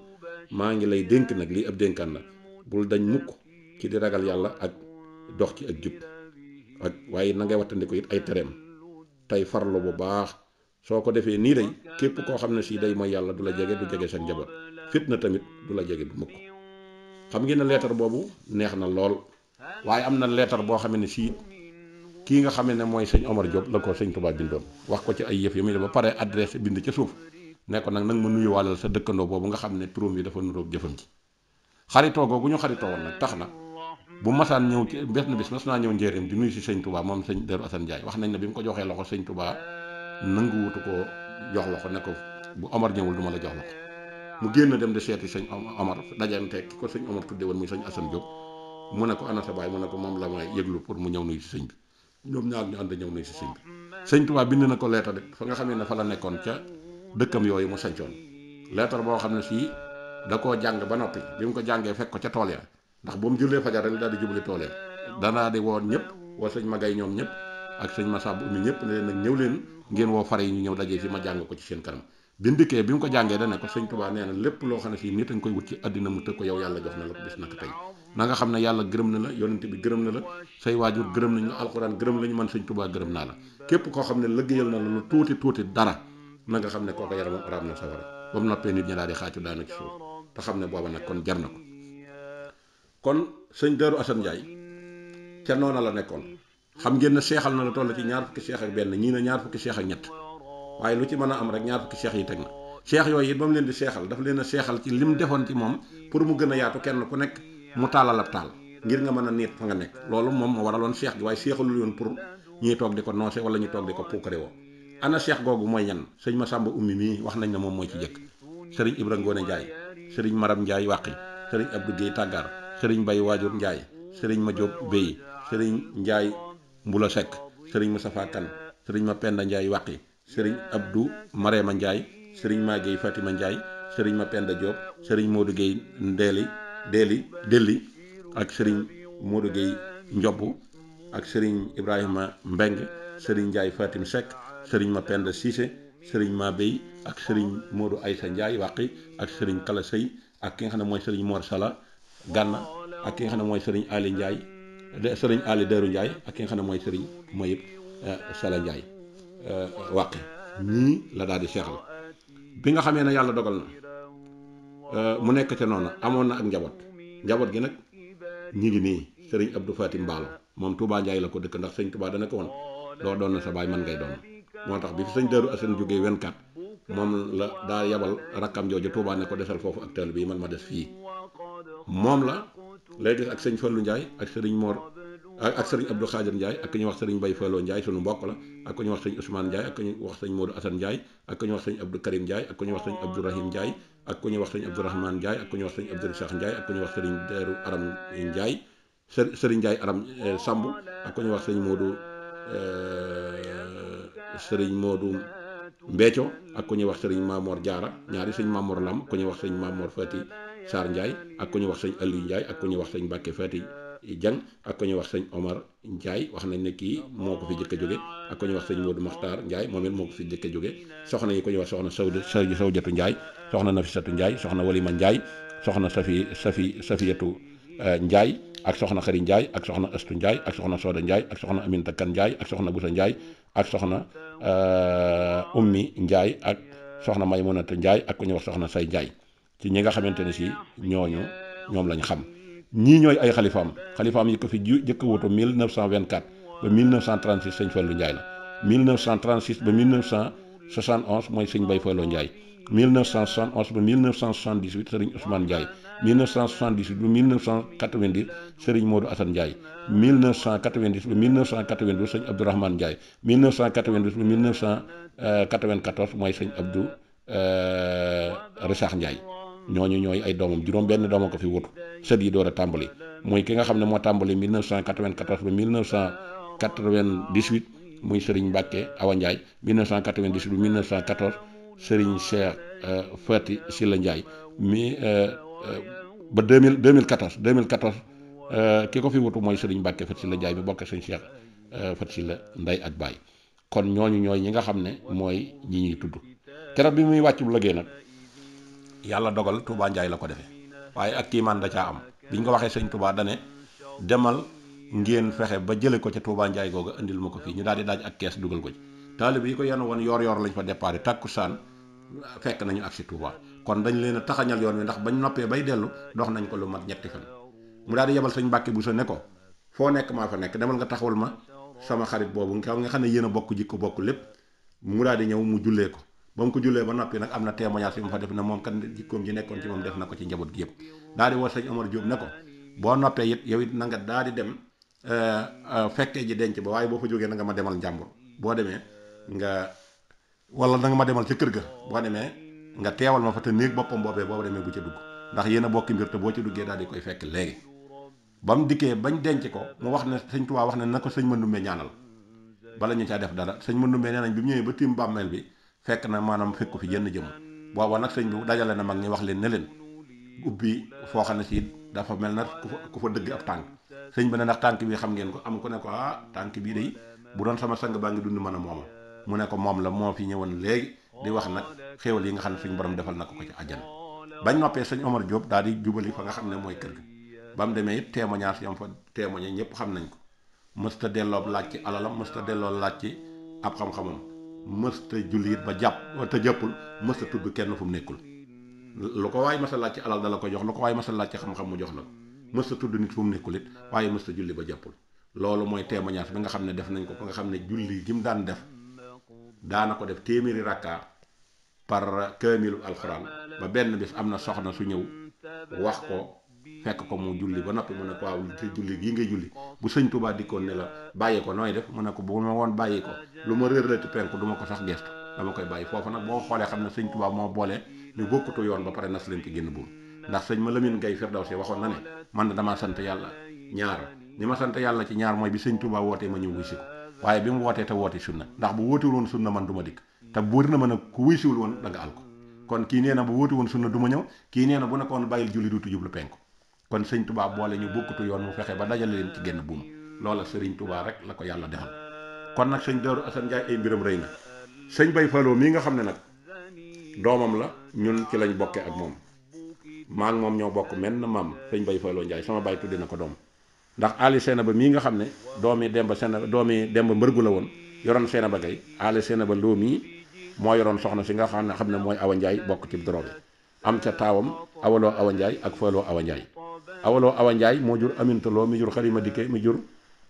maa ngi lay dénk nag li ab dénkaan la bul dañ mukk ci di ragal yàlla ak dox ci ak jub waaye na ngay wattandiku it ay tereem tey farlu bu baax soo ko defee nii day képp koo xam ne sii day mooy yàlla du la jege du jege sa njaboot fitna tamit du la jege bu mukk xam ngeen ne leetar boobu neex na lool waaye am na leetar boo xam ne sii kii nga xam ne mooy sëñ Omar Diop la ko sëñ Touba bindoon wax ko ci ay yëf yi muy def ba pare adresse bind ca suuf ne ko nag nag ma nuyuwaalal sa dëkkandoo boobu nga xam ne turam yi dafa nuroog jëfam ci xaritoo googu ñu xaritoo woon nag tax na bu masaan ñëw ci bés na bis mas naa ñëw njëriñ di nuyu si sëñ Touba moom sëñ Dero Assane Ndiaye wax nañ ne bi mu ko joxee loxo sëñ Touba nanguwutu ko jox loxo ne ko bu Omar ñëwul du ma la jox loxo mu génn dem di seeti sëñ Omar dajante ki ko sëñ Omar tudde woon muy sëñ Assane Diop mu ne ko ana sa mu ne ko moom la may yëglu pour mu ñëw nuyu si sëñ ñoom ñaar ñu ànd ñëw nañ si sëñ bi sëñ Tuubaa bind na ko leetar de fa nga xamee ne fa la nekkoon ca dëkkam yooyu mu sañcoon leetar boo xam ne sii da koo jàng ba noppi bi mu ko jàngee fekk ko tool ya ndax bu mu jullee fajar rek daal di jubali tool ya danaa di woon ñëpp woo sëñ Magay ñoom ñëpp ak sëñ Masab Umi ñëpp ne leen nag ñëw leen ngeen woo fare ñu ñëw dajee si ma jàng ko ci seen kanam bi ndikkee bi mu ko jàngee dana ko sëñ Tuubaa nee na lépp loo xam ne sii nit a nga koy wut ci àddina mu tëg ko yow yàlla jox na la ko bis naka tey nanga xam ne yàlla gërëm na la yonent bi gërëm na la say waajur gërëm nañ la alxuraan gërëm la ñu man sëñ Tuubaa gërëm naa la képp koo xam ne lëggéeyal na la lu tuuti tuuti dara nanga xam ne kooka yaramam araam na safara ba mu noppee nit ñi daal di xaacu daanu ci suuf te xam ne booba nag kon na ko kon sëñ Darou Assane Ndiaye ca noona la nekkoon xam ngeen ne na la toll ci ñaar fukki seex ak benn ñii ne ñaar fukki seex ak ñett waaye lu ci mën a am rek ñaar fukki seex yi teg na seex yooyu it ba mu leen di seexal daf leen a seexal ci mu defoon ci moom pour mu gën a yaatu kenn ku nekk mu taalal ab taal ngir nga mën a niit fa nga nekk loolu moom moo waraloon seex gi waaye seexalul yoon pour ñuy toog di ko noose wala ñu toog di ko puukare woo ana seex googu mooy ñan sëñ Masamba ummi mii wax nañ ne moom mooy ci jëkk sëriñ Ibra Ngoone Njaay sëriñ Maram Njaay Wàqi sëriñ Abdou Guèye Tàggaar sëriñ Bay Waajur Njaay sëriñ ma Jóob Béy sëriñ Njaay Mbula Sekk sëriñ Mustafa Kan sëriñ ma Penda Njaay Wàqi sëriñ Abdou Marema Njaay sëriñ Maagey Fatima Njaay sëriñ ma Penda Jóob sëriñ Moodu Géey Ndeeli Deli Deli ak Serigne Modou Gueye Ndiob ak Serigne Ibrahima Mbeng Serigne Ndiaye Fatim Seck Serigne Mapenda Cissé Serigne Mabey ak Serigne Modou Aïssa Ndiaye Waqi ak sëriñ Kala Sey ak ki nga xam ne mooy Serigne Mor Sala Ganna ak ki xam ne mooy Serigne Ali Ndiaye Serigne Ali Deru Ndiaye ak ki xam ne mooy Serigne Moyib euh, Sala Ndiaye euh, Waqi ñii la daal seexal bi nga xamee ne yàlla dogal Euh, mu nekk ca noonu amoon na ak njaboot njaboot gi nag ñi ngi nii sëriñ Abdou Fatim Mballo moom Touba Ndiaye la ko dëkk ndax sëñ Touba dana ko woon doo doon na sa baay mën ngay doon moo tax bi fi sëñ Darou Assane jógee 24 moom la daa yabal rakkam jooju Touba ne ko desal foofu ak teel bii man ma des fii moom la lay des ak sëñ Fallou Ndiaye ak sëriñ moor ak sëriñ Abdou Khadir Ndiaye ak ku ñuy wax sëriñ Mbaye Fallou Ndiaye sunu mbokk la ak ku ñuy wax sëriñ Ousmane Ndiaye ak ku ñuy wax sëriñ Modou Assane ak ku ñuy wax sëriñ Abdou Karim Ndiaye ak ku ñuy wax sëriñ Abdou Rahim ak ku ñuy wax sëriñ Abdou Rahman Ndiaye ak ku ñuy wax sëriñ Abdou Cheikh Ndiaye ak ku ñuy wax sëriñ Darou Aram Ndiaye Aram Samb ak ku ñuy wax sëriñ Modou sëriñ Modou Mbecco ak ku ñuy wax sëriñ Mamor Diarra ñaari sëriñ Mamor Lam ku ñuy wax sëriñ Mamor Fati Sarr Ndiaye ak ku ñuy wax sëriñ Aliou Ndiaye ak ku ñuy wax sëriñ Mbacke Fati Dieng ak ko ñuy wax sañ Omar Ndiaye wax nañ ne kii moo ko fi jëkk jóge ak ko ñuy wax sëñ Modou Makhtar Ndiaye moom it moo ko fi jëkk a jóge soxna yi ko ñuy wax soxna Saw Saw Jatu Ndiaye soxna Nafisatu Ndiaye soxna Walima Ndiaye soxna Safi Safi Safiyatu eh, Ndiaye ak soxna Xari Ndiaye ak soxna Astu Ndiaye ak soxna Sooda Ndiaye ak soxna Aminta Kan Ndiaye ak soxna Busa Ndiaye ak soxna eh, Ummi Ndiaye ak soxna Maymunata njaay ak ku ñuy wax soxna Say Ndiaye ci ñi nga xamante ne si ñooñu ñoom lañ xam ñii ñooy ay xalifaam xalifaam yi ko fi jëkk wutu 1924 ba 1936 sëñ Fallou Ndiaye la 1936 ba 1971 mooy sëñ Bay Fallou Ndiaye 1971 ba 1978 Serigne Ousmane Ndiaye 1978 ba 1990 Serigne Modou Assane Ndiaye 1990 ba 1992 sëñ Abdourahmane Ndiaye 1992 ba sëñ Abdou Rissakh Ndiaye. ñooñu ñooy ay doomam juróom benn doomam ko fi wutu sët yi door a tàmbali muy ki nga xam ne moo tàmbali 1994 ba 1998 muy Serigne Mbacke Awa Ndiaye 1998 ba 1914 Serigne Cheikh euh, Fati Silla Ndiaye mi euh, euh, ba 2000 2014 2014 ki ko fi wutu mooy Serigne Mbacke Fati Silla Ndiaye mi bokk Serigne Cheikh Fati Silla Ndey ak Baay kon ñooñu ñooy ñi nga xam ne mooy ñi ñuy tudd keroog bi muy wàccu liggéey nag. yàlla dogal Touba Ndiaye la ko defee waaye ak kiimaan da caa am biñ ko waxee sëñ Touba dane demal ngeen fexe ba jële ko ca Touba Ndiaye googa indil ma ko fii ñu daal di daaj ak kees dugal ko ci taalib yi ko yenn woon yor yor lañ fa déparé takkusaan fekk nañu ak si Touba kon dañ leen a taxañal yoon wi ndax bañ noppee bay dellu dox nañ ko lu mat ñetti fan mu daal di yebal sëñ bu Buso ne ko foo nekk maa fa nekk demal nga taxawul ma sama xarit boobu nga xam ne yéen a bokk jikko bokk lépp mu daal di ñëw mu jullee ko ba mu ko jullee ba noppi nag am na témoignage yu mu fa def na moom kat jikkoom ji nekkoon ci moom def na ko ci njaboot gi yëpp daa di woo sëñ Omar Diop na ko boo noppee it yow it na nga daa di dem euh, euh, fekkee ji denc ba waaye boo fa jógee na nga ma demal njàmbur boo demee nga wala na nga ma demal ca kër ga boo demee nga teewal ma fa te néeg boppam boobee boo demee bu ca dugg ndax yéen a bokki mbir te boo ca duggee daal di koy fekk léegi ba mu dikkee bañ denc ko mu wax ne sëñ Tuubaa wax ne na ko sëñ Mandumbe ñaanal bala ñu caa def dara sëñ Mandumbe nee nañ bi ñëwee ba tiim bàmmeel bi fekk na maanaam fekku fi jenn jëm booba nag sëñ bi dajale na mag ñi wax leen ne leen ubbi foo xam ne si dafa mel na ku fa ku fa dëgg ab tànk sëñ bi ne ndax tànk bii xam ngeen ko am ku ne ko ah tànk bii day bu doon sama sang baa ngi dund mën a moom mu ne ko moom la moo fi ñëwoon léegi di wax nag xéewal yi nga xam ne suñ borom defal na ko ko ci àjjana bañ noppee sëñ Omar Diop daal di jubali fa nga xam ne mooy kër gi ba mu demee it témoignage yam fa témoigné ñëpp xam nañ ko mësta delloo laaj ci alalam mësta delloo laaj ci ab xam mësta jullit ba jàpp te jàppul mësta tudd kenn fu mu nekkul lu ko waaye mësta laaj ci alal dala ko jox lu ko waaye mësta laaj ci xam-xam mu jox la ko mësta tudd nit fu mu nekkul it waaye mësta julli ba jàppul loolu mooy témoignage bi nga xam ne def nañ ko ba nga xam ne julli gi mu daan def daana ko def téeméeri rakka par kaamilu alxuraan ba benn bis am na soxna su ñëw wax ko fekk ko mu julli ba noppi mu ne ko waaw te julli yi ngay julli bu sëñ Tuubaa dikkoon ne la bàyyi ko nooy def mu ne ko bu ma woon bàyyi ko lu ma réerlati penku du ma ko sax gestu dama koy bàyyi foofu nag boo xoolee xam ne sëñ Tuubaa moo boole ñu yoon ba pare nas leen ci génn buum ndax sëñ ma Lamine na ne man na damaa sant yàlla ñaar li ma sant yàlla ci ñaar mooy bi sëñ Tuubaa wootee ma ñëw wuysi ko waaye bi mu wootee te woote sunna ndax bu wóotiwul woon sunna man du ma dikk te wóor na ma ne ku wuysiwul woon da nga kon kii nee na bu wóoti woon ma ñëw kii nee na bu nekkoon kon sëñ tubaab boole ñu bokkutu yoon mu fexe ba dajale leen ci génn buum loola sëriñ tubaa rek la ko yàlla defal kon nag sëñ Daaru Asan Njaay ay mbiram rëy na sëñ Bay Faloo mii nga xam ne nag doomam la ñun ci lañ bokkee ak moom maa ngi moom ñoo bokk menn maam sëñ Bay Faloo Njaay sama baay tudde na ko doom ndax Ali Seena ba mii nga xam ne doomi Demba Seena doomi Demba mbërgu la woon yoroon Seena ba gay Ali Seena ba loo mii moo yoroon soxna si nga xam ne xam ne mooy Awa Njaay bokk ci drogue am ca taawam awaloo Awa Njaay ak Faloo Awa Njaay awaloo awa Ndiaye moo jur Aminta Lo mi jur ma dikk mi jur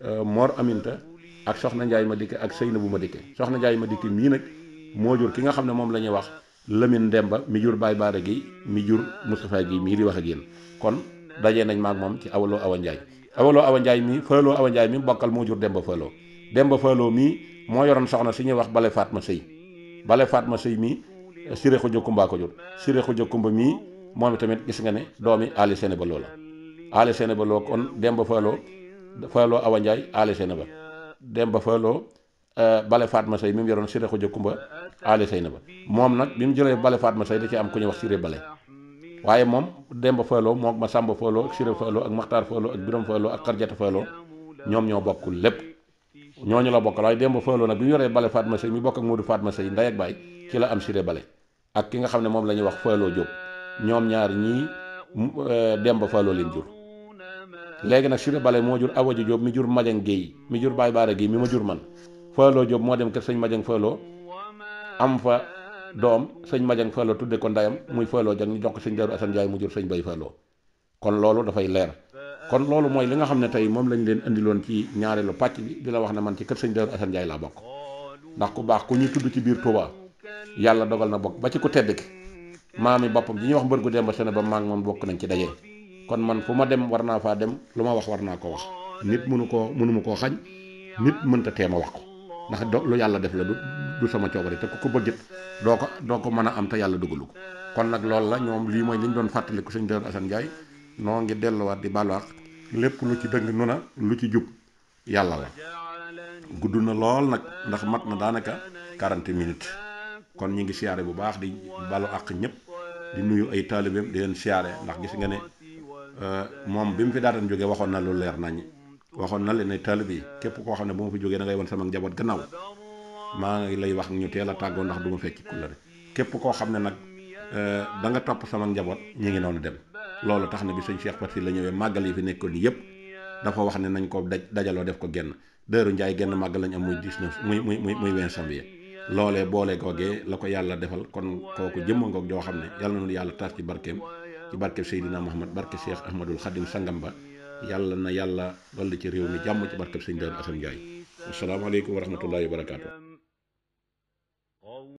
euh, Mor Aminta ak Soxna Ndiaye ma dikke ak na bu ma dikk Soxna Ndiaye ma dikk mii nag moo jur ki nga xam ne moom la ñuy wax Lamine Demba mi jur baay Baara gi mi jur Moustapha gi mii di wax a génn kon dajee nañ maag moom ci awaloo awa Ndiaye awaloo awa Ndiaye mi faaloo awa Ndiaye mi bokkal moo jur Demba faaloo Demba faaloo mii moo yoroon soxna si ñuy wax Bale ma Sëy Bale ma Sëy mii Siré Xuja Kumba ko jur Siré Xuja Kumba mii moom tamit gis ne doomi Ali Sene ba Aly Sénéba Lo kon Demba Falloo Falloo Awa Ndiaye Aly Sénéba Demba Falloo euh, Bale Fatma Sey mi mu yoroon Siré Khoudia Kumba Aly ba moom nag bi mu jëlee Bale Fatma da ci am ku ñuy wax Siré Bale waaye moom Demba Falloo moom ma Samba Falloo ak Siré ak Makhtar Falloo ak Biram Falloo ak Karjata Falloo ñoom ñoo bokkul lépp ñooñu la bokkal waaye Demba Falloo nag bi mu yoree Bale mi bokk ak Modou Fatma Sey ndey ak baay ci la am sire Bale ak ki nga xam ne moom la ñuy wax Falloo Diop ñoom ñaar ñii euh, Demba Falloo leen jur léegi nag Siré Bale moo jur Awaji Diop mi jur Madiang Guèye mi jur baay Baara Guèye mi ma jur man Fallou Diop moo dem kër sëñ majeng Fallou am fa doom sëñ Madiang Fallou tudde ko ndayam muy Fallou Dieng ñu jox ko sëñ Darou Assane Ndiaye mu jur sëñ Baye Fallou kon loolu dafay leer kon loolu mooy li nga xam ne tey moom lañ leen indiloon ci ñaareelu pàcc bi di la wax ne man ci kër sëñ Darou Assane laa bokk ndax ku baax ku ñu tudd ci biir Touba yàlla dogal na bokk ba ci ku tedd ki maami boppam ji wax mbër gu dem ba sene ba maag moom bokk nañ ci daje kon man fu ma dem war naa faa dem lu ma wax war naa ko wax nit mënu koo mënuma koo xañ nit mënta ma wax ko ndax do lu yàlla def la du du sama coobare te ku ko bëggit doo ko doo ko mën a am te yàlla dugalu ko kon nag loolu la ñoom lii mooy li doon fàttaliku sëñ Darou Assane Ndiaye noo ngi delluwaat di baalu àq lépp lu ci dëng nu na lu ci jub yàlla la gudd na lool nag ndax mat na daanaka 40 minutes kon ñu ngi siyaare bu baax di baalu àq ñëpp di nuyu ay taalibeem di leen siyaare ndax gis nga ne Euh, moom bi mu fi daataan jóge waxoon na lu leer nañ waxoon na leen ne taalib yi képp koo xam ne bu ma fi jógee da ngay won sama njaboot gannaaw maa ngi lay wax ñu teel a tàggoo ndax du ma fekki la képp koo xam ne nag euh, da nga topp sama njaboot ñu ngi noonu dem loolu tax na bi sëñ Cheikh Faty la ñëwee màggal yi fi nekkoon yëpp dafa wax ne nañ ko daj dajaloo def ko genn dëru Njaay genn màggal lañ am muy 19 muy muy muy muy 20 janvier loolee boole googee la ko yàlla defal kon kooku jëmmangoog joo xam ne yàlla na yàlla taas ci barkeem ci barkeb Seydina Muhammad barke Cheikh Ahmadul Xadim sangam ba yàlla na yàlla dolli ci réew mi jàmm ci barkeb Sëñ Daaru Asan Njaay asalaamaaleykum wa rahmatullahi wa barakaatu